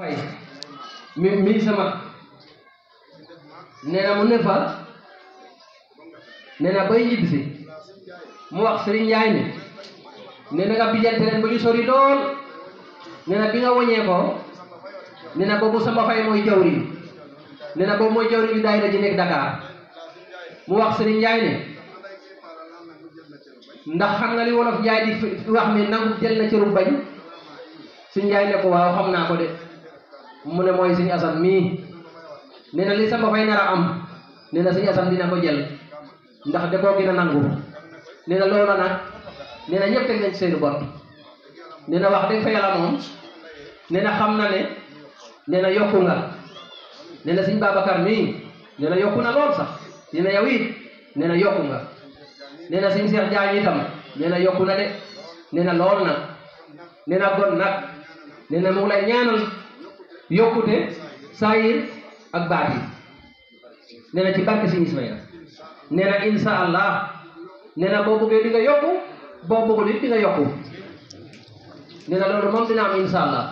fay mi mi sama nee na mu ne fa nee na bay mu wax Serigne Ndiaye ni nee nga bijante leen ba ñu sori lool nee bi nga wàññee ko nee na boobu sama fay mooy jawri nee boobu mooy jawri bi daayira ji nekk Dakar mu wax Serigne Ndiaye ni ndax xam nga li wolof Njaay di wax ni nangu jël na cëru bañ si Njaay ne waaw xam naa ko de mu ne mooy sëñ Asan mii nee na li sama fay nar a am nee na sëñ dina ko jël ndax da koo gën a nangu nee na loolu nag nee na ñëpp teg nañ ci seen bopp nee wax dëgg fa yàlla moom nee na xam na ne nee na yokku nga nee na sëñ Babacar mii nee na yokku na lool sax nee na yow it nee na yokku nga nee na sëñ Seex Jaañ itam nee na yokku na de nee lool nag nee na nag nee na ñaanal yokkute saayir ak baat yi na ci barke si Ismaïla nee na insha allah nee na boo bëggee di nga yokku boo bëggul it di nga yokku nee na loolu moom dina am allah